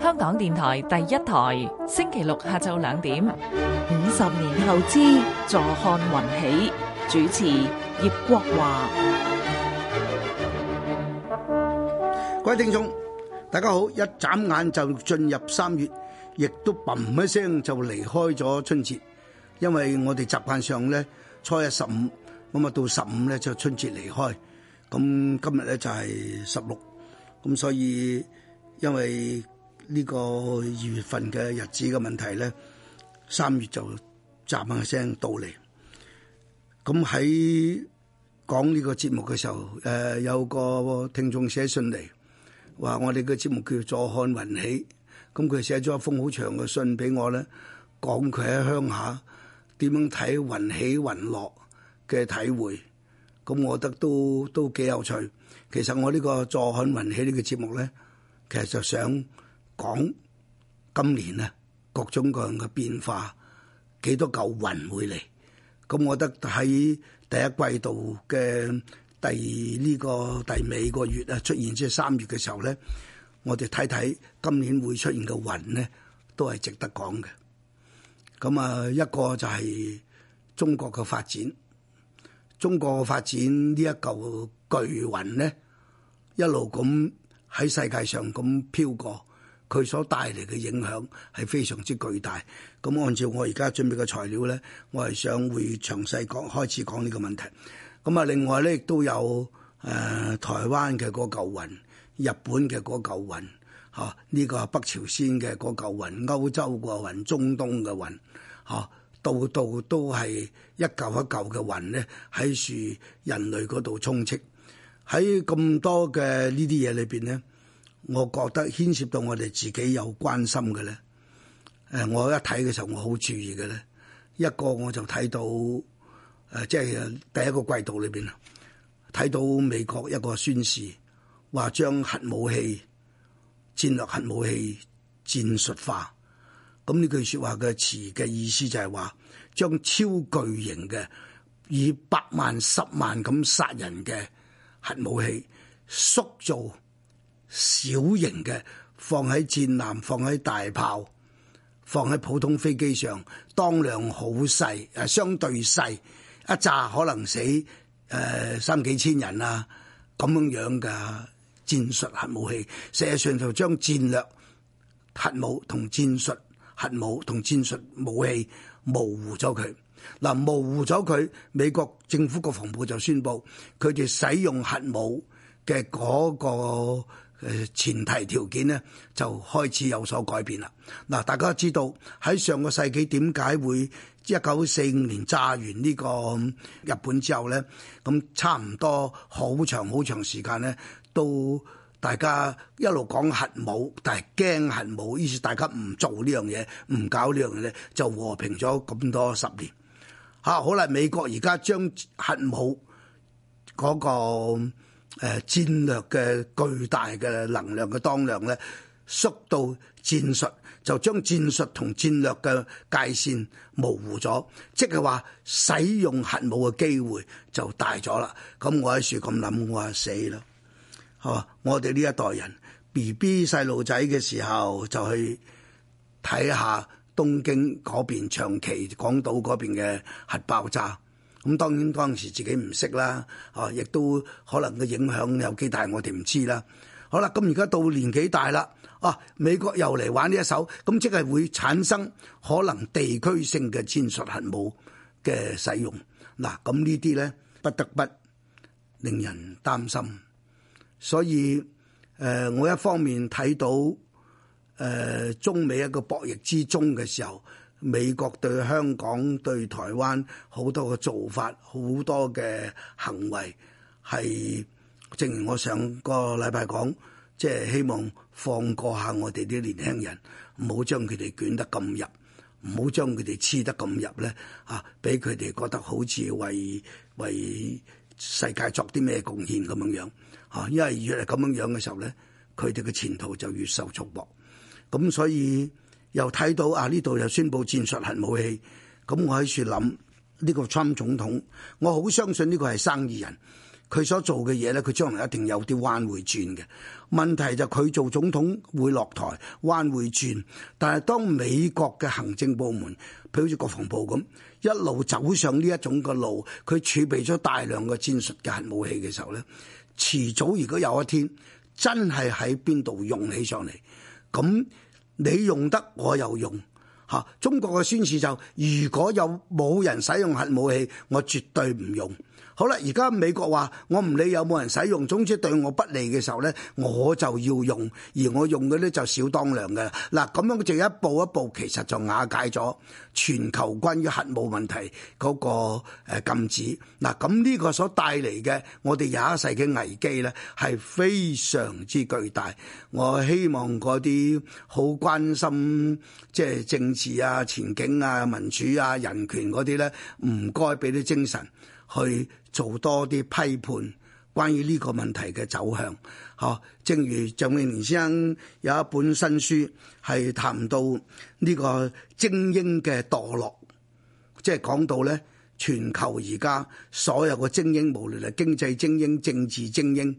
香港電台第一台，星期六下晝兩點。五十年後資，坐看雲起。主持葉國華。各位聽眾，大家好。一眨眼就進入三月，亦都嘭一聲就離開咗春節。因為我哋習慣上咧，初一十五，咁啊到十五咧就春節離開。咁今日咧就係十六，咁所以因為呢個二月份嘅日子嘅問題咧，三月就閂下聲到嚟。咁喺講呢個節目嘅時候，誒有個聽眾寫信嚟，話我哋嘅節目叫做坐看雲起，咁佢寫咗一封好長嘅信俾我咧，講佢喺鄉下點樣睇雲起雲落嘅體會。咁我覺得都都幾有趣。其實我呢、這個坐看雲起呢、這個節目咧，其實就想講今年啊各種各樣嘅變化，幾多嚿雲會嚟。咁我覺得喺第一季度嘅第呢、這個第尾個月啊出現即係三月嘅時候咧，我哋睇睇今年會出現嘅雲咧，都係值得講嘅。咁啊，一個就係中國嘅發展。中國發展呢一嚿巨雲咧，一路咁喺世界上咁飄過，佢所帶嚟嘅影響係非常之巨大。咁按照我而家準備嘅材料咧，我係想會詳細講開始講呢個問題。咁啊，另外咧亦都有誒台灣嘅嗰嚿雲，日本嘅嗰嚿雲，嚇呢個北朝鮮嘅嗰嚿雲，歐洲個雲、中東嘅雲，嚇。度度都係一嚿一嚿嘅雲咧，喺樹人類嗰度充斥喺咁多嘅呢啲嘢裏邊咧，我覺得牽涉到我哋自己有關心嘅咧。誒，我一睇嘅時候，我好注意嘅咧，一個我就睇到誒，即係第一個季度裏邊啊，睇到美國一個宣示話將核武器、戰略核武器戰術化。咁呢句說話嘅詞嘅意思就係話，將超巨型嘅以百萬、十萬咁殺人嘅核武器，縮造小型嘅，放喺戰艦、放喺大炮、放喺普通飛機上，當量好細誒，相對細一炸可能死誒、呃、三幾千人啊咁樣樣嘅戰術核武器，實際上，就將戰略核武同戰術。核武同戰術武器模糊咗佢。嗱，模糊咗佢，美國政府國防部就宣布佢哋使用核武嘅嗰個誒前提條件咧，就開始有所改變啦。嗱，大家知道喺上個世紀點解會一九四五年炸完呢個日本之後咧，咁差唔多好長好長時間咧都。大家一路講核武，但係驚核武，於是，大家唔做呢樣嘢，唔搞呢樣嘢咧，就和平咗咁多十年。吓、啊、好啦，美國而家將核武嗰，那個誒、呃、戰略嘅巨大嘅能量嘅當量咧縮到戰術，就將戰術同戰略嘅界線模糊咗，即係話使用核武嘅機會就大咗啦。咁我喺處咁諗，我話死啦！哦，我哋呢一代人 B B 細路仔嘅時候就去睇下東京嗰邊長期港島嗰邊嘅核爆炸。咁當然當時自己唔識啦，哦，亦都可能嘅影響有幾大，我哋唔知啦。好啦，咁而家到年紀大啦，哦、啊，美國又嚟玩呢一手，咁即係會產生可能地區性嘅戰術核武嘅使用嗱。咁呢啲咧不得不令人擔心。所以，誒、呃，我一方面睇到誒、呃、中美一個博弈之中嘅時候，美國對香港、對台灣好多嘅做法、好多嘅行為，係正如我上個禮拜講，即、就、係、是、希望放過下我哋啲年輕人，唔好將佢哋捲得咁入，唔好將佢哋黐得咁入咧，啊，俾佢哋覺得好似為為，為世界作啲咩貢獻咁樣樣，嚇！因為越嚟咁樣樣嘅時候咧，佢哋嘅前途就越受束縛。咁所以又睇到啊呢度又宣布戰術核武器，咁我喺處諗呢個 Trump 總統，我好相信呢個係生意人，佢所做嘅嘢咧，佢將來一定有啲彎會轉嘅。問題就佢做總統會落台彎會轉，但係當美國嘅行政部門，譬如好似國防部咁。一路走上呢一種個路，佢儲備咗大量嘅戰術嘅核武器嘅時候咧，遲早如果有一天真係喺邊度用起上嚟，咁你用得我又用嚇、啊。中國嘅宣示就如果有冇人使用核武器，我絕對唔用。好啦，而家美國話我唔理有冇人使用，總之對我不利嘅時候咧，我就要用，而我用嘅咧就少當量嘅啦。嗱，咁樣就一步一步，其實就瓦解咗全球關於核武問題嗰個誒禁止。嗱，咁呢個所帶嚟嘅我哋廿一世嘅危機咧，係非常之巨大。我希望嗰啲好關心即係政治啊、前景啊、民主啊、人權嗰啲咧，唔該俾啲精神。去做多啲批判，關於呢個問題嘅走向，嗬？正如鄭永年先生有一本新書，係談到呢個精英嘅墮落，即係講到咧，全球而家所有嘅精英，無論係經濟精英、政治精英，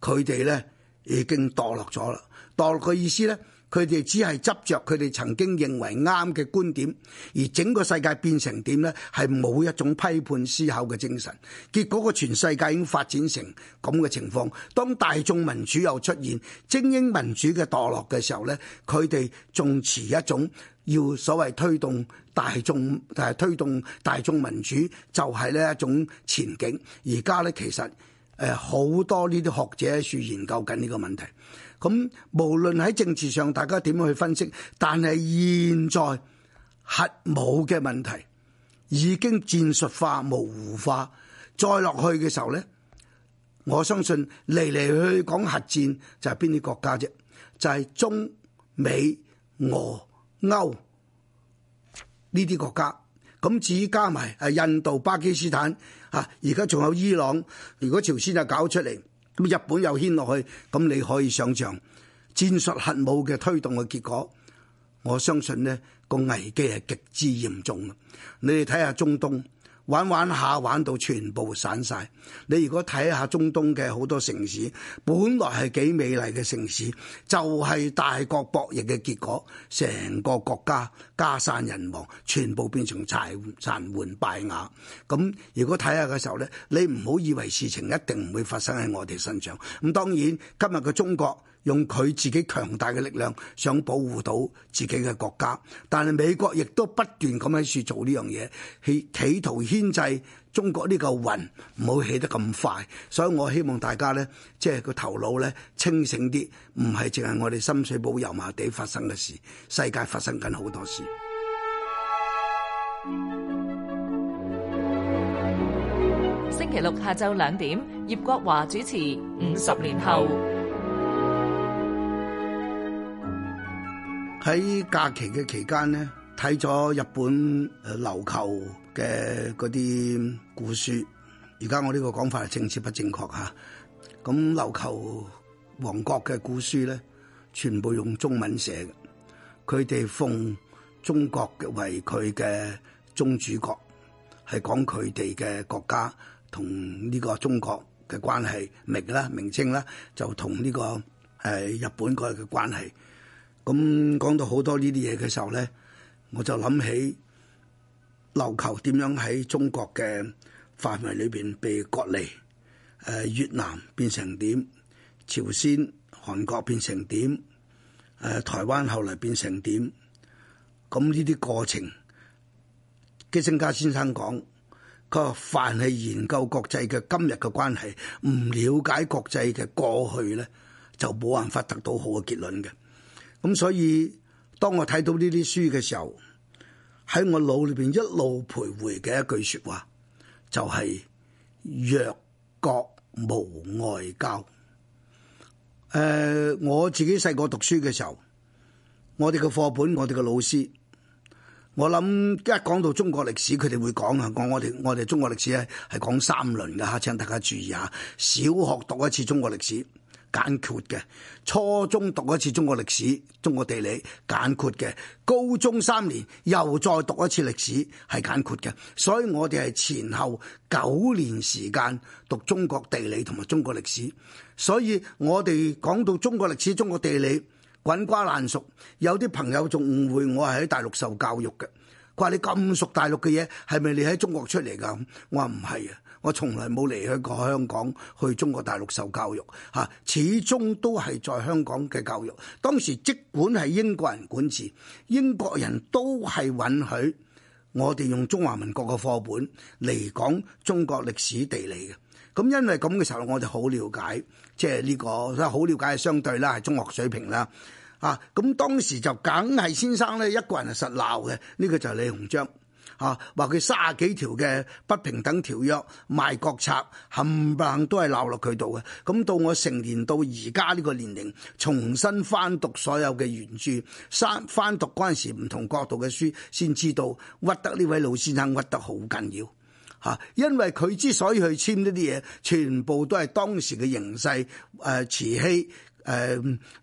佢哋咧已經墮落咗啦。墮落嘅意思咧？佢哋只係執着佢哋曾經認為啱嘅觀點，而整個世界變成點呢，係冇一種批判思考嘅精神，結果個全世界已經發展成咁嘅情況。當大眾民主又出現，精英民主嘅墮落嘅時候呢，佢哋仲持一種要所謂推動大眾誒推動大眾民主就係呢一種前景。而家呢，其實誒好多呢啲學者喺研究緊呢個問題。咁無論喺政治上，大家點樣去分析？但係現在核武嘅問題已經戰術化、模糊化，再落去嘅時候咧，我相信嚟嚟去講核戰就係邊啲國家啫？就係中美俄歐呢啲國家，咁至於加埋係印度、巴基斯坦，吓而家仲有伊朗，如果朝鮮就搞出嚟。咁日本又牽落去，咁你可以想像戰術核武嘅推動嘅結果，我相信呢個危機係極之嚴重的。你哋睇下中東。玩玩下，玩到全部散晒。你如果睇下中東嘅好多城市，本來係幾美麗嘅城市，就係、是、大國博弈嘅結果，成個國家家散人亡，全部變成柴殘垣敗瓦。咁如果睇下嘅時候咧，你唔好以為事情一定唔會發生喺我哋身上。咁當然今日嘅中國。用佢自己強大嘅力量想保護到自己嘅國家，但係美國亦都不斷咁喺處做呢樣嘢，企企圖牽制中國呢個雲唔好起得咁快。所以我希望大家呢，即係個頭腦呢清醒啲，唔係淨係我哋深水埗油麻地發生嘅事，世界發生緊好多事。星期六下晝兩點，葉國華主持《五十年後》。喺假期嘅期間咧，睇咗日本誒琉球嘅嗰啲古書。而家我呢個講法係政治不正確吓？咁琉球王國嘅古書咧，全部用中文寫嘅。佢哋奉中國為佢嘅宗主國，係講佢哋嘅國家同呢個中國嘅關係明啦、明清啦，就同呢個誒日本嗰嘅關係。咁講到好多呢啲嘢嘅時候咧，我就諗起琉球點樣喺中國嘅範圍裏邊被割離，誒越南變成點，朝鮮、韓國變成點，誒台灣後嚟變成點，咁呢啲過程，基辛格先生講，佢話凡係研究國際嘅今日嘅關係，唔了解國際嘅過去咧，就冇辦法得到好嘅結論嘅。咁所以，當我睇到呢啲書嘅時候，喺我腦裏邊一路徘徊嘅一句說話，就係、是、弱國無外交。誒、呃，我自己細個讀書嘅時候，我哋嘅課本，我哋嘅老師，我諗一講到中國歷史，佢哋會講啊，講我哋我哋中國歷史咧係講三輪嘅吓，請大家注意下，小學讀一次中國歷史。簡括嘅，初中讀一次中國歷史、中國地理，簡括嘅；高中三年又再讀一次歷史，係簡括嘅。所以我哋係前後九年時間讀中國地理同埋中國歷史，所以我哋講到中國歷史、中國地理滾瓜爛熟。有啲朋友仲誤會我係喺大陸受教育嘅，佢話你咁熟大陸嘅嘢，係咪你喺中國出嚟噶？我話唔係啊。我從來冇離開過香港，去中國大陸受教育，嚇，始終都係在香港嘅教育。當時即管係英國人管治，英國人都係允許我哋用中華民國嘅課本嚟講中國歷史地理嘅。咁因為咁嘅時候，我就好了解，即係呢個都好了解，相對啦，係中學水平啦。啊，咁當時就梗係先生咧一個人係實鬧嘅，呢個就係李鴻章。嚇，話佢卅幾條嘅不平等條約賣國策、冚唪唥都係鬧落佢度嘅，咁到我成年到而家呢個年齡，重新翻讀所有嘅原著，三翻讀嗰陣時唔同角度嘅書，先知道屈得呢位老先生屈得好緊要嚇，因為佢之所以去簽呢啲嘢，全部都係當時嘅形勢誒、呃，慈禧誒呢、呃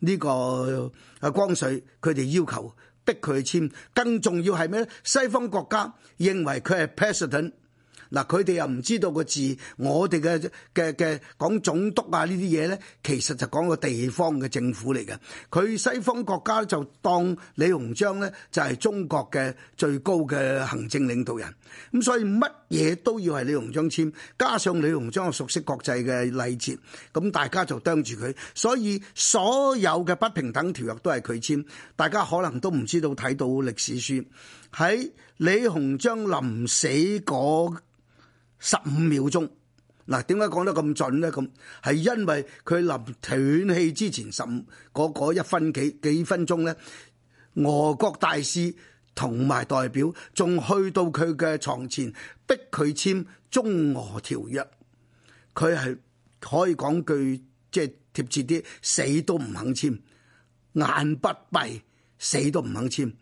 這個啊光緒佢哋要求。逼佢簽，更重要係咩咧？西方國家認為佢係 president，嗱，佢哋又唔知道個字，我哋嘅嘅嘅講總督啊呢啲嘢咧，其實就講個地方嘅政府嚟嘅。佢西方國家就當李鴻章咧就係中國嘅最高嘅行政領導人，咁所以乜嘢都要係李鴻章簽，加上李鴻章熟悉國際嘅禮節，咁大家就盯住佢，所以所有嘅不平等條約都係佢簽。大家可能都唔知道，睇到歷史書，喺李鴻章臨死嗰十五秒鐘，嗱點解講得咁準呢？咁係因為佢臨斷氣之前十五嗰個一分幾幾分鐘呢，俄國大使。同埋代表仲去到佢嘅床前逼佢簽中俄條約，佢係可以講句即係貼切啲，死都唔肯簽，眼不閉，死都唔肯簽。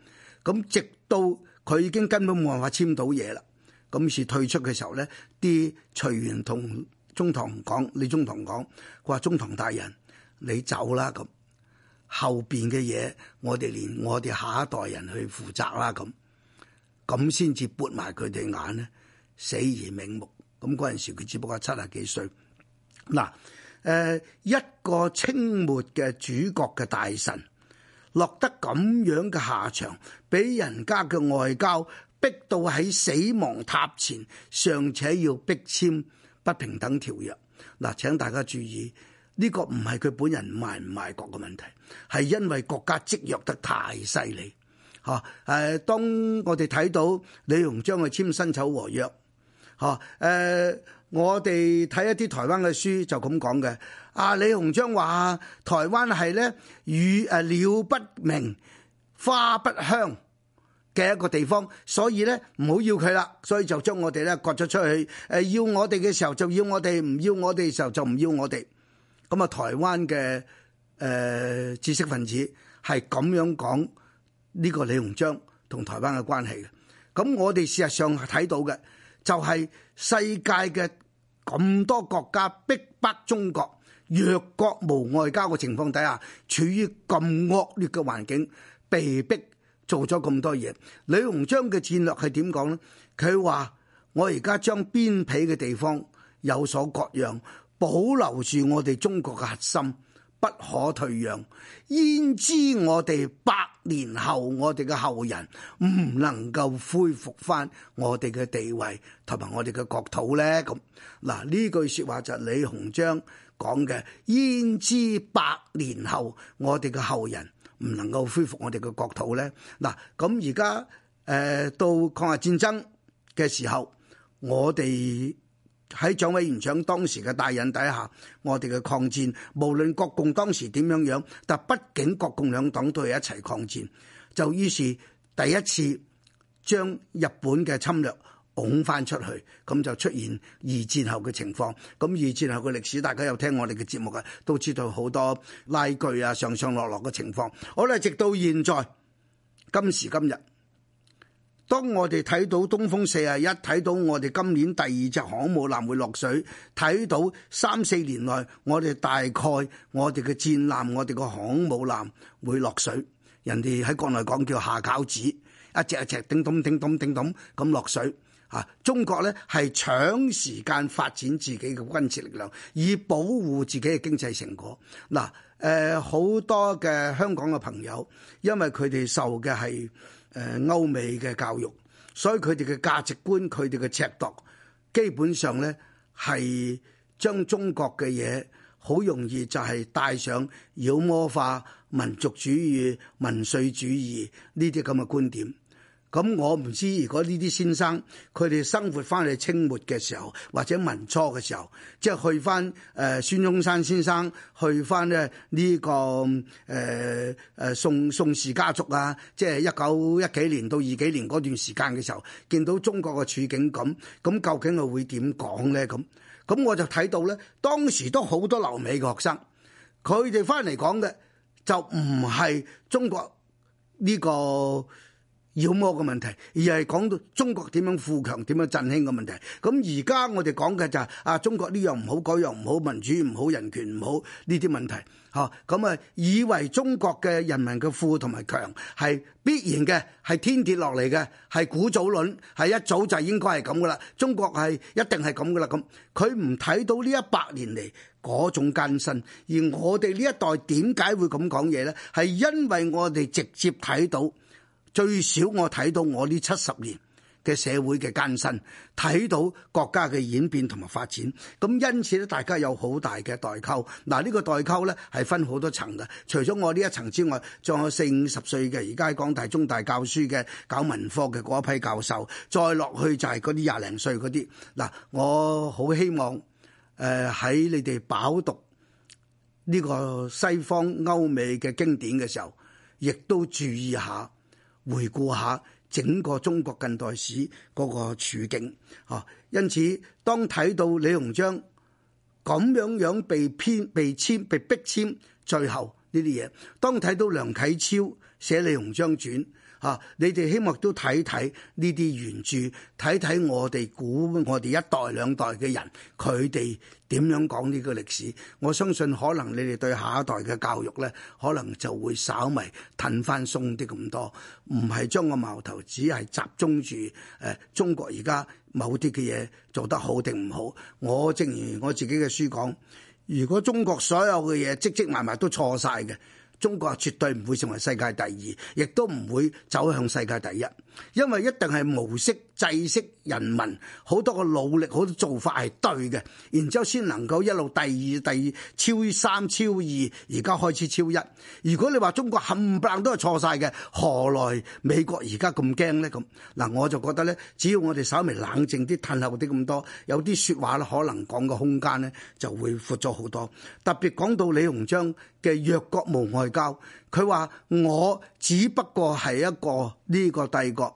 咁直到佢已經根本冇辦法簽到嘢啦，咁是退出嘅時候咧，啲隨員同中堂講，李中堂講，佢話中堂大人，你走啦，咁。後邊嘅嘢，我哋連我哋下一代人去負責啦，咁咁先至撥埋佢哋眼咧，死而瞑目。咁嗰陣時佢只不過七十幾歲。嗱，誒，一個清末嘅主角嘅大臣，落得咁樣嘅下場，俾人家嘅外交逼到喺死亡塔前，尚且要逼簽不平等條約。嗱，請大家注意。呢個唔係佢本人賣唔賣國嘅問題，係因為國家積弱得太犀利。嚇、啊、誒，當我哋睇到李鴻章去簽辛丑和約，嚇、啊、誒、呃，我哋睇一啲台灣嘅書就咁講嘅。阿、啊、李鴻章話：台灣係咧語誒鳥不明花不香嘅一個地方，所以咧唔好要佢啦。所以就將我哋咧割咗出去。誒、啊、要我哋嘅時候就要我哋，唔要我哋嘅時候就唔要我哋。咁啊，台灣嘅誒、呃、知識分子係咁樣講呢個李鴻章同台灣嘅關係嘅。咁我哋事實上係睇到嘅就係、是、世界嘅咁多國家逼迫中國，弱國無外交嘅情況底下，處於咁惡劣嘅環境，被逼做咗咁多嘢。李鴻章嘅戰略係點講咧？佢話：我而家將邊鄙嘅地方有所割讓。保留住我哋中國嘅核心，不可退讓，焉知我哋百年後我哋嘅後人唔能夠恢復翻我哋嘅地位，同埋我哋嘅國土咧？咁嗱呢句說話就係李鴻章講嘅，焉知百年後我哋嘅後人唔能夠恢復我哋嘅國土咧？嗱，咁而家誒到抗日戰爭嘅時候，我哋。喺蔣委員長當時嘅帶引底下，我哋嘅抗戰無論國共當時點樣樣，但畢竟國共兩黨都係一齊抗戰，就於是第一次將日本嘅侵略，拱翻出去，咁就出現二戰後嘅情況，咁二戰後嘅歷史，大家有聽我哋嘅節目啊，都知道好多拉鋸啊，上上落落嘅情況，好啦，直到現在今時今日。當我哋睇到東風四十一，睇到我哋今年第二隻航母艦會落水，睇到三四年內我哋大概我哋嘅戰艦、我哋嘅航母艦會落水，人哋喺國內講叫下餃子，一隻一隻叮咚叮咚叮咚咁落水嚇、啊。中國咧係長時間發展自己嘅軍事力量，以保護自己嘅經濟成果。嗱、啊，誒、呃、好多嘅香港嘅朋友，因為佢哋受嘅係。誒、歐美嘅教育，所以佢哋嘅價值觀、佢哋嘅尺度，基本上咧係將中國嘅嘢好容易就係帶上妖魔化、民族主義、民粹主義呢啲咁嘅觀點。咁我唔知，如果呢啲先生佢哋生活翻嚟清末嘅時候，或者民初嘅時候，即係去翻誒、呃、孫中山先生，去翻咧呢個誒誒、呃、宋宋氏家族啊，即係一九一幾年到二幾年嗰段時間嘅時候，見到中國嘅處境咁，咁究竟佢會點講咧？咁咁我就睇到咧，當時都好多留美嘅學生，佢哋翻嚟講嘅就唔係中國呢、這個。妖魔嘅問題，而係講到中國點樣富強、點樣振興嘅問題。咁而家我哋講嘅就係啊，中國呢樣唔好，嗰樣唔好，民主唔好，人權唔好呢啲問題。嚇，咁啊以為中國嘅人民嘅富同埋強係必然嘅，係天跌落嚟嘅，係古早論，係一早就應該係咁噶啦。中國係一定係咁噶啦。咁佢唔睇到呢一百年嚟嗰種艱辛，而我哋呢一代點解會咁講嘢呢？係因為我哋直接睇到。最少我睇到我呢七十年嘅社會嘅艱辛，睇到國家嘅演變同埋發展，咁因此咧，大家有好大嘅代溝。嗱，呢個代溝咧係分好多層嘅。除咗我呢一層之外，仲有四五十歲嘅，而家喺港大、中大教書嘅，搞文科嘅嗰一批教授，再落去就係嗰啲廿零歲嗰啲。嗱，我好希望誒，喺你哋飽讀呢個西方歐美嘅經典嘅時候，亦都注意下。回顧下整個中國近代史嗰個處境，啊，因此當睇到李鴻章咁樣樣被編、被簽、被逼簽，最後呢啲嘢，當睇到梁啟超寫《李鴻章傳》。嚇！你哋希望都睇睇呢啲原著，睇睇我哋估我哋一代兩代嘅人，佢哋點樣講呢個歷史？我相信可能你哋對下一代嘅教育咧，可能就會稍微褪翻鬆啲咁多，唔係將個矛頭只係集中住誒中國而家某啲嘅嘢做得好定唔好。我正如我自己嘅書講，如果中國所有嘅嘢積積埋埋都錯晒嘅。中國絕對唔會成為世界第二，亦都唔會走向世界第一，因為一定，係模式。祭息人民，好多個努力，好多做法係對嘅，然之後先能夠一路第二第二超三超二，而家開始超一。如果你話中國冚唪唥都係錯晒嘅，何來美國而家咁驚呢？咁嗱，我就覺得呢，只要我哋稍微冷靜啲、褪後啲咁多，有啲説話咧，可能講嘅空間呢就會闊咗好多。特別講到李鴻章嘅弱國無外交，佢話我只不過係一個呢、這個帝國。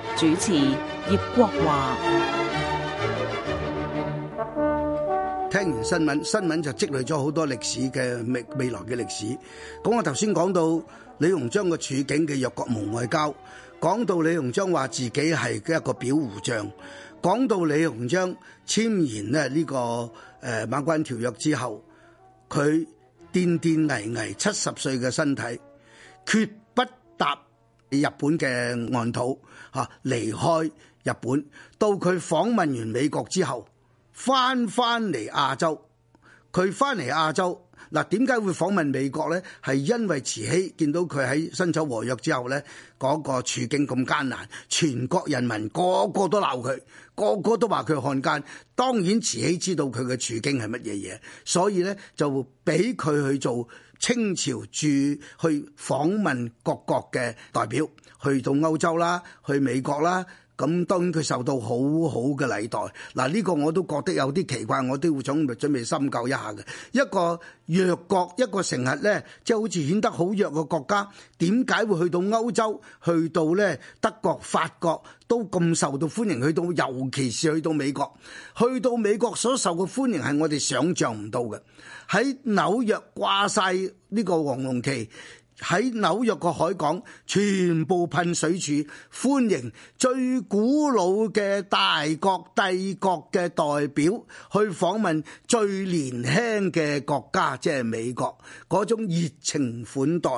主持葉國華，聽完新聞，新聞就積累咗好多歷史嘅未未來嘅歷史。咁我頭先講到李鴻章嘅處境嘅弱國無外交，講到李鴻章話自己係一個裱糊匠，講到李鴻章簽完咧呢個誒馬關條約之後，佢跌跌巍巍七十歲嘅身體，絕不踏日本嘅岸土。嚇，離開日本，到佢訪問完美國之後，翻翻嚟亞洲，佢翻嚟亞洲，嗱，點解會訪問美國呢？係因為慈禧見到佢喺辛丑和約之後呢，嗰個處境咁艱難，全國人民個個都鬧佢，個個都話佢漢奸。當然慈禧知道佢嘅處境係乜嘢嘢，所以呢，就俾佢去做。清朝駐去訪問各國嘅代表，去到歐洲啦，去美國啦。咁當然佢受到好好嘅禮待，嗱呢個我都覺得有啲奇怪，我都會準備準備深究一下嘅。一個弱國，一個成日呢，即係好似顯得好弱嘅國家，點解會去到歐洲，去到呢德國、法國都咁受到歡迎，去到尤其是去到美國，去到美國所受嘅歡迎係我哋想象唔到嘅。喺紐約掛晒呢個黃龍旗。喺紐約個海港，全部噴水柱，歡迎最古老嘅大國帝國嘅代表去訪問最年輕嘅國家，即係美國嗰種熱情款待。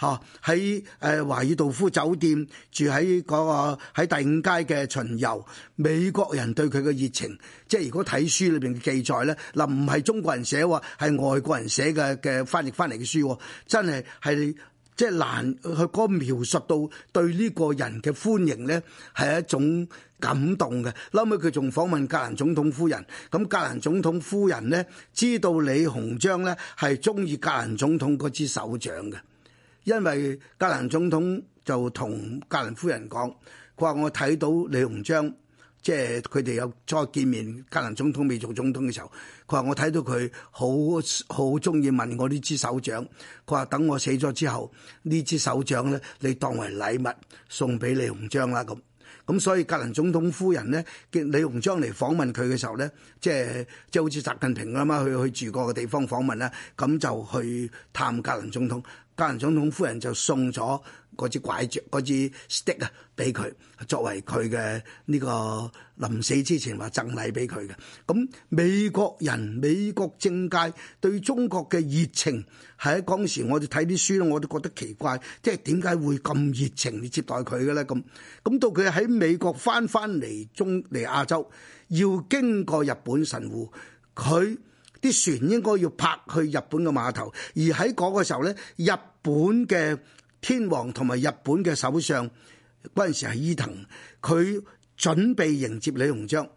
嚇！喺誒華爾道夫酒店住喺嗰個喺第五街嘅巡遊，美國人對佢嘅熱情，即係如果睇書裏邊嘅記載咧，嗱，唔係中國人寫喎，係外國人寫嘅嘅翻譯翻嚟嘅書，真係係即係難去嗰描述到對呢個人嘅歡迎咧係一種感動嘅。後屘佢仲訪問格蘭總統夫人，咁格蘭總統夫人咧知道李鴻章咧係中意格蘭總統嗰支手杖嘅。因為格蘭總統就同格蘭夫人講，佢話我睇到李鴻章，即係佢哋有再見面。格蘭總統未做總統嘅時候，佢話我睇到佢好好中意問我呢支手杖。佢話等我死咗之後，呢支手杖咧，你當為禮物送俾李鴻章啦。咁咁所以格蘭總統夫人咧，見李鴻章嚟訪問佢嘅時候咧，即係即係好似習近平咁啊，去去住過嘅地方訪問啦，咁就去探格蘭總統。加人總統夫人就送咗嗰支拐杖、嗰支 stick 啊，俾佢作為佢嘅呢個臨死之前話贈禮俾佢嘅。咁、嗯、美國人、美國政界對中國嘅熱情，喺當時我哋睇啲書咧，我都覺得奇怪，即係點解會咁熱情去接待佢嘅咧？咁、嗯、咁、嗯、到佢喺美國翻翻嚟中嚟亞洲，要經過日本神戶，佢。啲船應該要泊去日本嘅碼頭，而喺嗰個時候咧，日本嘅天皇同埋日本嘅首相嗰陣時係伊藤，佢準備迎接李鴻章，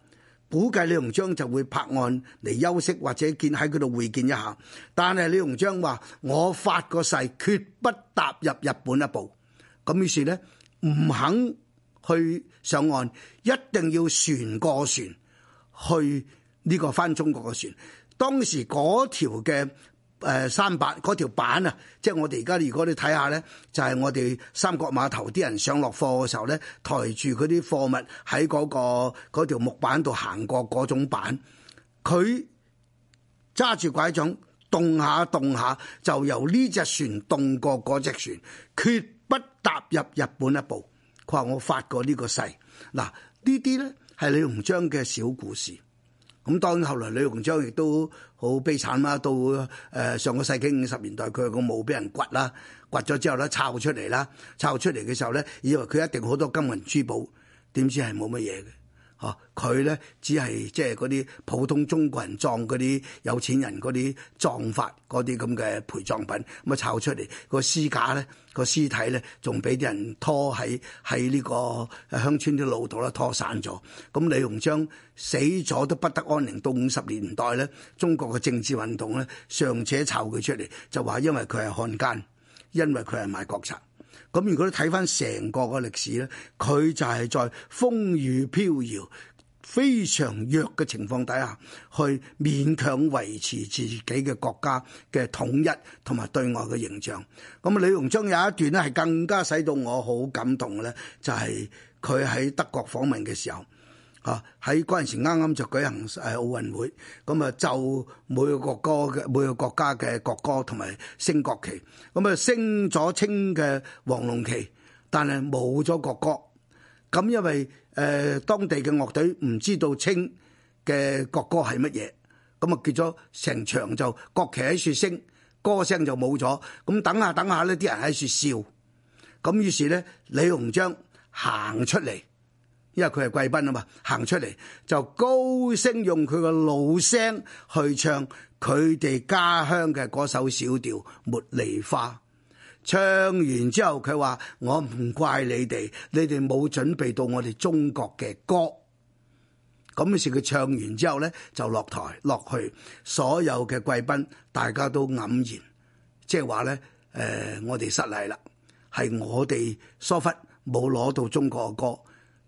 估計李鴻章就會泊岸嚟休息或者見喺嗰度會見一下。但係李鴻章話：我發個誓，決不踏入日本一步。咁於是咧，唔肯去上岸，一定要船過船去呢個返中國嘅船。當時嗰條嘅誒三板，嗰條板啊，即係我哋而家如果你睇下咧，就係、是、我哋三角碼頭啲人上落貨嘅時候咧，抬住嗰啲貨物喺嗰、那個嗰條木板度行過嗰種板，佢揸住拐杖動下動下，就由呢隻船動過嗰隻船，決不踏入日本一步。佢話我發過個呢個誓。嗱，呢啲咧係李鴻章嘅小故事。咁當然後嚟李鴻章亦都好悲慘啦，到誒上個世紀五十年代，佢個墓俾人掘啦，掘咗之後咧，抄出嚟啦，抄出嚟嘅時候咧，以為佢一定好多金銀珠寶，點知係冇乜嘢嘅。佢咧、啊、只係即係嗰啲普通中國人葬嗰啲有錢人嗰啲葬法嗰啲咁嘅陪葬品，咁啊抄出嚟、個屍架咧、個屍體咧，仲俾啲人拖喺喺呢個鄉村啲路度咧拖散咗。咁李鴻章死咗都不得安寧，到五十年代咧，中國嘅政治運動咧尚且抄佢出嚟，就話因為佢係漢奸，因為佢係賣國賊。咁如果你睇翻成個歷史咧，佢就係在風雨飄搖、非常弱嘅情況底下去勉強維持自己嘅國家嘅統一同埋對外嘅形象。咁、嗯、李鴻章有一段咧係更加使到我好感動咧，就係佢喺德國訪問嘅時候。啊！喺嗰陣時啱啱就舉行誒奧運會，咁啊就，就每個國歌嘅每個國家嘅國歌同埋升國旗，咁啊升咗清嘅黃龍旗，但係冇咗國歌。咁因為誒、呃、當地嘅樂隊唔知道清嘅國歌係乜嘢，咁啊結咗成場就國旗喺處升，歌聲就冇咗。咁等下等下呢啲人喺處笑，咁於是咧李鴻章行出嚟。因為佢係貴賓啊嘛，行出嚟就高聲用佢個怒聲去唱佢哋家鄉嘅嗰首小調《茉莉花》。唱完之後，佢話我唔怪你哋，你哋冇準備到我哋中國嘅歌。咁於是佢唱完之後咧，就落台落去，所有嘅貴賓大家都黯然，即係話咧，誒、呃，我哋失禮啦，係我哋疏忽冇攞到中國嘅歌。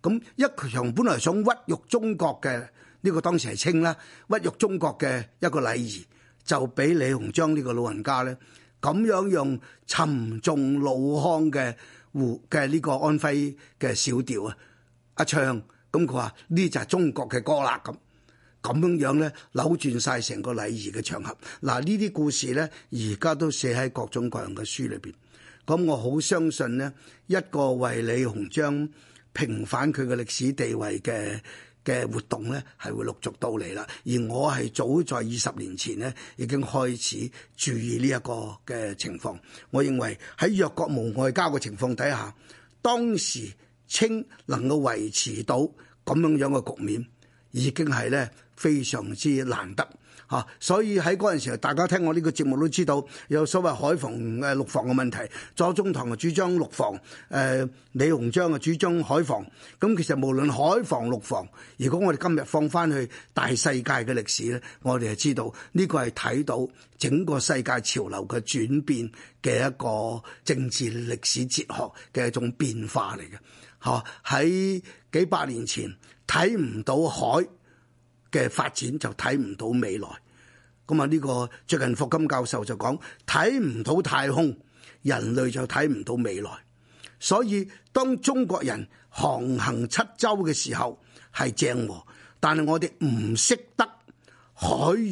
咁一場本來想屈辱中國嘅呢個當時係清啦，屈辱中國嘅一個禮儀，就俾李鴻章呢個老人家咧，咁樣用沉重老腔嘅湖嘅呢個安徽嘅小調啊，一唱咁佢話呢就係中國嘅歌啦，咁咁樣樣咧扭轉晒成個禮儀嘅場合。嗱呢啲故事咧，而家都寫喺各種各樣嘅書裏邊。咁我好相信咧，一個為李鴻章。平反佢嘅歷史地位嘅嘅活動咧，係會陸續到嚟啦。而我係早在二十年前咧，已經開始注意呢一個嘅情況。我認為喺弱國無外交嘅情況底下，當時清能夠維持到咁樣樣嘅局面，已經係咧非常之難得嚇，所以喺嗰陣時候，大家聽我呢個節目都知道，有所謂海防誒陸防嘅問題。左宗棠啊，主張陸防；誒、呃、李鴻章啊，主張海防。咁其實無論海防、陸防，如果我哋今日放翻去大世界嘅歷史咧，我哋係知道呢個係睇到整個世界潮流嘅轉變嘅一個政治歷史哲學嘅一種變化嚟嘅。嚇喺幾百年前。睇唔到海嘅發展就睇唔到未來，咁啊呢個最近霍金教授就講睇唔到太空，人類就睇唔到未來。所以當中國人航行七洲嘅時候係鄭和，但係我哋唔識得海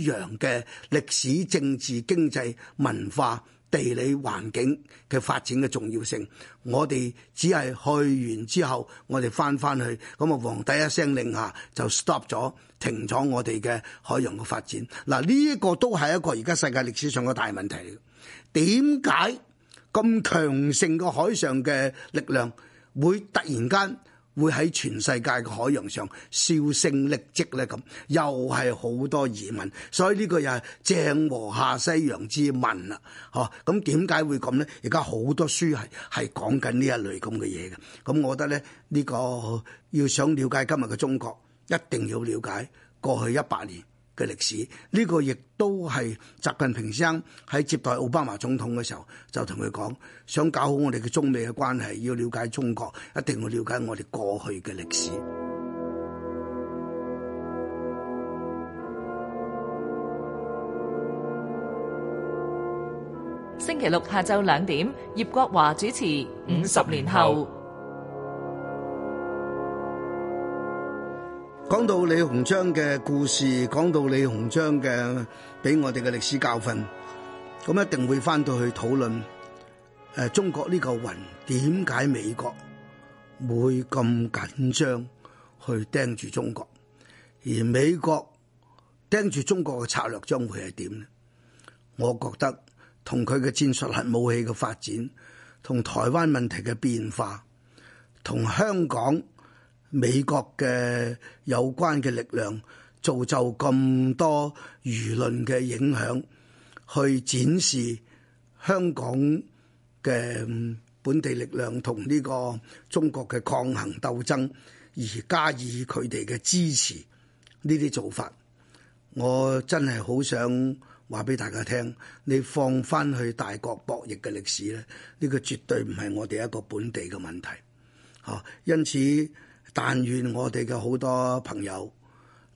洋嘅歷史、政治、經濟、文化。地理環境嘅發展嘅重要性，我哋只係去完之後，我哋翻翻去，咁啊皇帝一聲令下就 stop 咗，停咗我哋嘅海洋嘅發展。嗱，呢、這個、一個都係一個而家世界歷史上嘅大問題嚟。點解咁強盛嘅海上嘅力量會突然間？會喺全世界嘅海洋上銷聲匿跡咧？咁又係好多疑問。所以呢個又係鄭和下西洋之問」啦，嗬？咁點解會咁咧？而家好多書係係講緊呢一類咁嘅嘢嘅，咁我覺得咧呢、呢個要想了解今日嘅中國，一定要了解過去一百年。嘅歷史，呢個亦都係習近平先生喺接待奧巴馬總統嘅時候就同佢講，想搞好我哋嘅中美嘅關係，要了解中國，一定要了解我哋過去嘅歷史。星期六下晝兩點，葉國華主持《五十年後》年後。講到李鴻章嘅故事，講到李鴻章嘅俾我哋嘅歷史教訓，咁一定會翻到去討論。誒，中國呢個云點解美國會咁緊張去盯住中國？而美國盯住中國嘅策略將會係點呢？我覺得同佢嘅戰術核武器嘅發展，同台灣問題嘅變化，同香港。美國嘅有關嘅力量造就咁多輿論嘅影響，去展示香港嘅本地力量同呢個中國嘅抗衡鬥爭，而加以佢哋嘅支持呢啲做法，我真係好想話俾大家聽。你放翻去大國博弈嘅歷史咧，呢個絕對唔係我哋一個本地嘅問題。哦，因此。但願我哋嘅好多朋友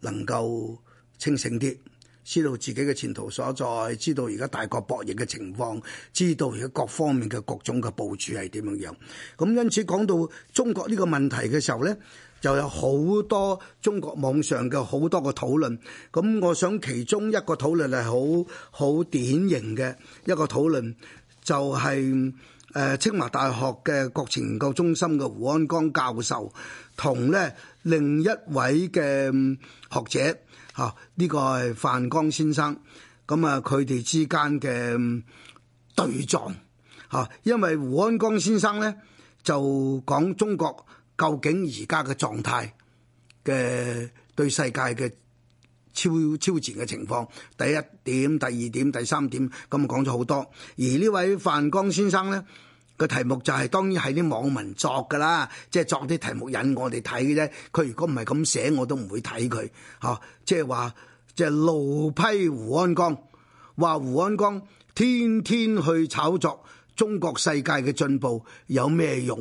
能夠清醒啲，知道自己嘅前途所在，知道而家大國博弈嘅情況，知道而家各方面嘅各種嘅部署係點樣樣。咁因此講到中國呢個問題嘅時候呢，就有好多中國網上嘅好多個討論。咁我想其中一個討論係好好典型嘅一個討論，就係、是。誒清華大學嘅國情研究中心嘅胡安江教授，同咧另一位嘅學者嚇，呢、啊這個係范江先生。咁啊，佢哋之間嘅對撞嚇、啊，因為胡安江先生咧就講中國究竟而家嘅狀態，嘅對世界嘅超超前嘅情況。第一點、第二點、第三點，咁講咗好多。而呢位范江先生咧。個題目就係、是、當然係啲網民作㗎啦，即係作啲題目引我哋睇嘅啫。佢如果唔係咁寫，我都唔會睇佢。嚇、啊，即係話即係路批胡鞍鋼，話胡鞍鋼天天去炒作中國世界嘅進步有咩用？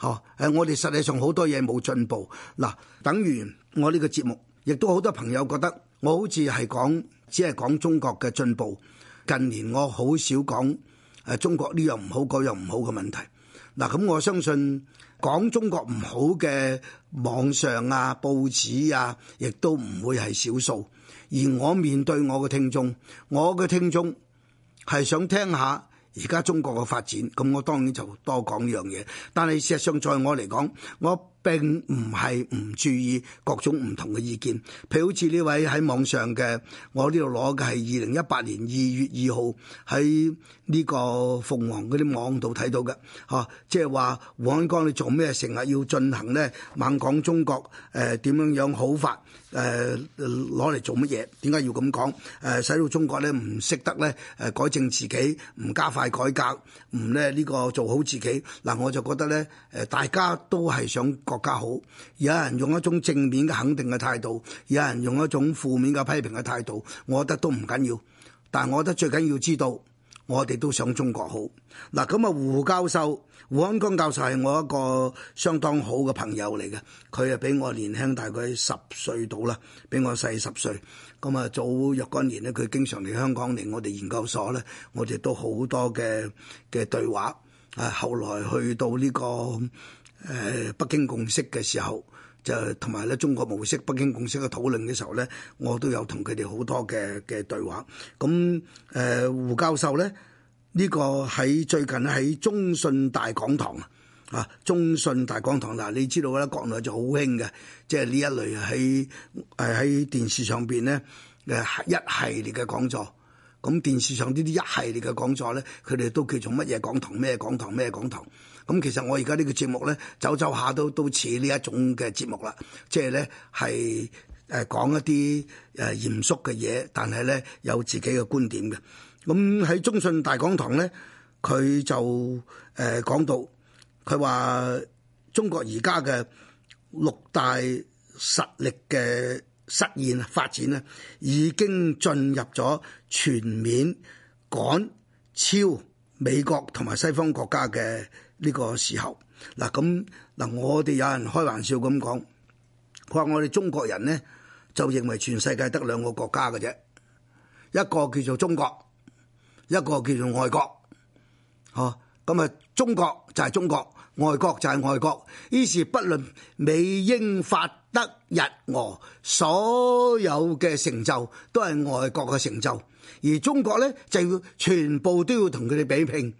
嚇，誒，我哋實際上好多嘢冇進步。嗱、啊，等於我呢個節目，亦都好多朋友覺得我好似係講，只係講中國嘅進步。近年我好少講。誒，中國呢樣唔好，嗰樣唔好嘅問題，嗱，咁我相信講中國唔好嘅網上啊、報紙啊，亦都唔會係少數。而我面對我嘅聽眾，我嘅聽眾係想聽下而家中國嘅發展，咁我當然就多講呢樣嘢。但係事實上，在我嚟講，我。並唔係唔注意各種唔同嘅意見，譬如好似呢位喺網上嘅，我呢度攞嘅係二零一八年二月二號喺呢個鳳凰嗰啲網度睇到嘅，嚇、啊，即係話黃安江你做咩成日要進行呢？猛講中國誒點樣樣好法？誒攞嚟做乜嘢？點解要咁講？誒、呃、使到中國咧唔識得咧誒改正自己，唔加快改革，唔咧呢個做好自己。嗱、呃，我就覺得咧誒、呃、大家都係想國家好，有人用一種正面嘅肯定嘅態度，有人用一種負面嘅批評嘅態度，我覺得都唔緊要。但係我覺得最緊要知道。我哋都想中國好嗱，咁啊胡教授胡安江教授係我一個相當好嘅朋友嚟嘅，佢啊比我年輕，大概十歲到啦，比我細十歲。咁啊早若干年咧，佢經常嚟香港嚟我哋研究所咧，我哋都好多嘅嘅對話。啊，後來去到呢、這個誒、呃、北京共識嘅時候。就同埋咧中國模式、北京共識嘅討論嘅時候咧，我都有同佢哋好多嘅嘅對話。咁誒、呃、胡教授咧，呢、這個喺最近喺中信大講堂啊，中信大講堂嗱、啊，你知道咧國內就好興嘅，即係呢一類喺誒喺電視上邊咧誒一系列嘅講座。咁電視上呢啲一系列嘅講座咧，佢哋都叫做乜嘢講堂咩講堂咩講堂？咁其實我而家呢個節目咧，走走下都都似呢一種嘅節目啦，即係咧係誒講一啲誒嚴肅嘅嘢，但係咧有自己嘅觀點嘅。咁喺中信大講堂咧，佢就誒、呃、講到，佢話中國而家嘅六大實力嘅實現發展咧，已經進入咗全面趕超美國同埋西方國家嘅。呢個時候，嗱咁嗱，我哋有人開玩笑咁講，佢話我哋中國人呢，就認為全世界得兩個國家嘅啫，一個叫做中國，一個叫做外國，嚇咁啊，中國就係中國，外國就係外國。於是不論美英法德日俄，所有嘅成就都係外國嘅成就，而中國呢，就要全部都要同佢哋比拼。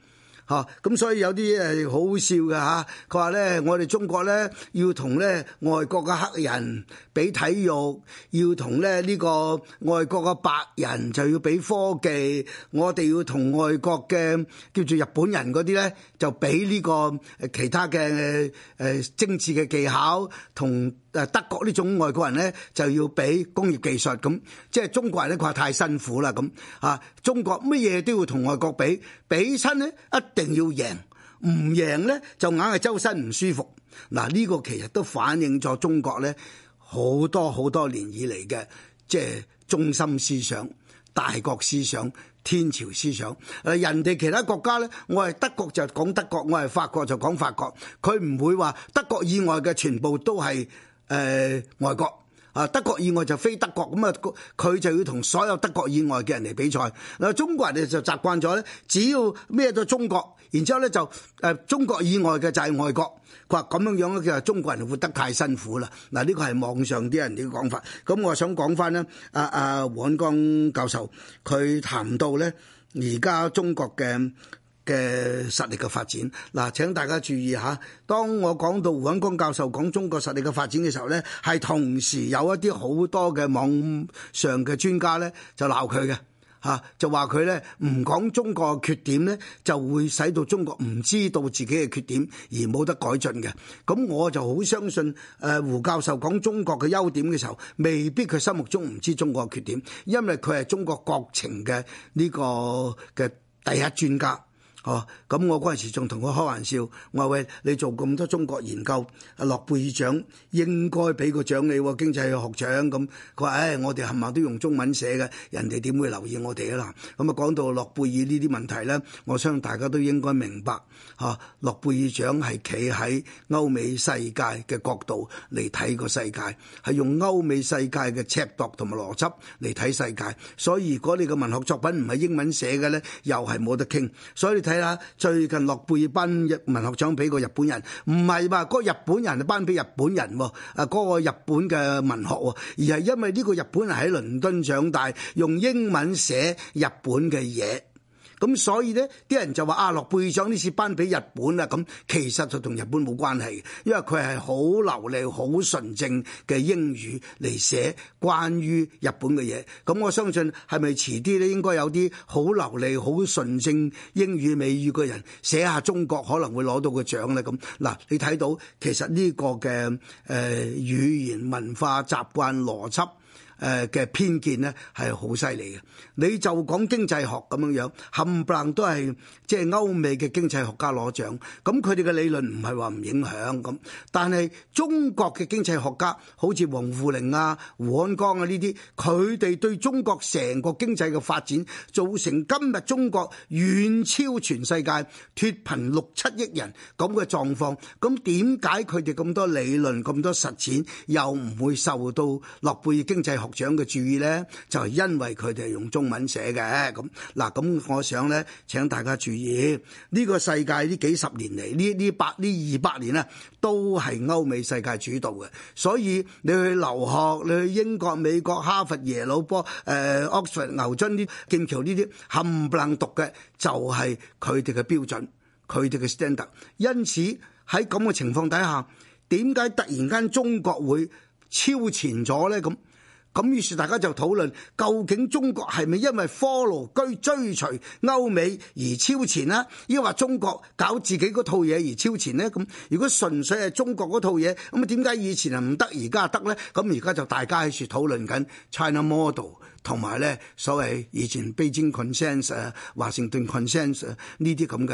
嚇！咁所以有啲係好笑嘅嚇，佢話咧，我哋中國咧要同咧外國嘅黑人比體育，要同咧呢個外國嘅白人就要比科技，我哋要同外國嘅叫做日本人嗰啲咧就比呢個其他嘅誒精緻嘅技巧同。誒德國呢種外國人呢，就要比工業技術，咁即係中國人呢，佢話太辛苦啦咁啊！中國乜嘢都要同外國比，比親呢一定要贏，唔贏呢，就硬係周身唔舒服。嗱呢個其實都反映咗中國呢好多好多年以嚟嘅即係中心思想、大國思想、天朝思想。誒人哋其他國家呢，我係德國就講德國，我係法國就講法國，佢唔會話德國以外嘅全部都係。誒、呃、外國啊，德國以外就非德國咁啊，佢就要同所有德國以外嘅人嚟比賽。嗱，中國人咧就習慣咗咧，只要咩都中國，然之後咧就誒、呃、中國以外嘅就係外國。佢話咁樣樣嘅，佢話中國人活得太辛苦啦。嗱，呢個係網上啲人啲講法。咁我想講翻咧，阿阿黃江教授佢談到咧，而家中國嘅嘅實力嘅發展嗱，請大家注意嚇。當我講到胡鞍鋼教授講中國實力嘅發展嘅時候呢，係同時有一啲好多嘅網上嘅專家呢就鬧佢嘅嚇，就話佢呢唔講中國嘅缺點呢就會使到中國唔知道自己嘅缺點而冇得改進嘅。咁我就好相信誒胡教授講中國嘅優點嘅時候，未必佢心目中唔知中國嘅缺點，因為佢係中國國情嘅呢、呢個嘅第一專家。哦，咁、嗯、我嗰陣時仲同佢開玩笑，我話喂，你做咁多中國研究，諾貝爾獎應該俾個獎你喎，經濟學獎咁。佢話誒，我哋冚唪唥都用中文寫嘅，人哋點會留意我哋啊嗱，咁、嗯、啊講到諾貝爾呢啲問題咧，我相信大家都應該明白嚇、啊。諾貝爾獎係企喺歐美世界嘅角度嚟睇個世界，係用歐美世界嘅尺度同埋邏輯嚟睇世界，所以如果你嘅文學作品唔係英文寫嘅咧，又係冇得傾。所以你睇。最近諾貝爾頒文學獎俾、嗰個日本人，日本人，唔係嘛？嗰個日本人就頒俾日本人，誒，嗰個日本嘅文學，而係因為呢個日本人喺倫敦長大，用英文寫日本嘅嘢。咁所以呢啲人就話阿、啊、諾貝獎呢次頒俾日本啦，咁、啊、其實就同日本冇關係，因為佢係好流利、好純正嘅英語嚟寫關於日本嘅嘢。咁、啊、我相信係咪遲啲咧，應該有啲好流利、好純正英語美語嘅人寫下中國可能會攞到個獎呢？咁、啊、嗱，你睇到其實呢個嘅誒、呃、語言文化習慣邏輯。誒嘅偏見咧係好犀利嘅，你就講經濟學咁樣樣，冚唪唥都係即係歐美嘅經濟學家攞獎，咁佢哋嘅理論唔係話唔影響咁，但係中國嘅經濟學家好似黃富玲啊、胡鞍鋼啊呢啲，佢哋對中國成個經濟嘅發展造成今日中國遠超全世界脫貧六七億人咁嘅狀況，咁點解佢哋咁多理論、咁多實踐又唔會受到諾貝爾經濟學？長嘅注意咧，就係因為佢哋係用中文寫嘅咁嗱，咁我想咧，請大家注意呢、呢個世界呢幾十年嚟呢呢百呢二百年咧，都係歐美世界主導嘅，所以你去留學，你去英國、美國、哈佛耶波、耶魯、波誒、Oxford、牛津呢劍橋呢啲冚唪唥讀嘅就係佢哋嘅標準，佢哋嘅 standard。因此喺咁嘅情況底下，點解突然間中國會超前咗咧？咁？咁於是大家就討論究竟中國係咪因為 follow 居追隨歐美而超前咧？抑或話中國搞自己套嘢而超前咧？咁如果純粹係中國套嘢，咁啊點解以前啊唔得，而家得咧？咁而家就大家喺處討論緊 China model，同埋咧所謂以前 Beijing consensus、華盛頓 consensus 呢啲咁嘅。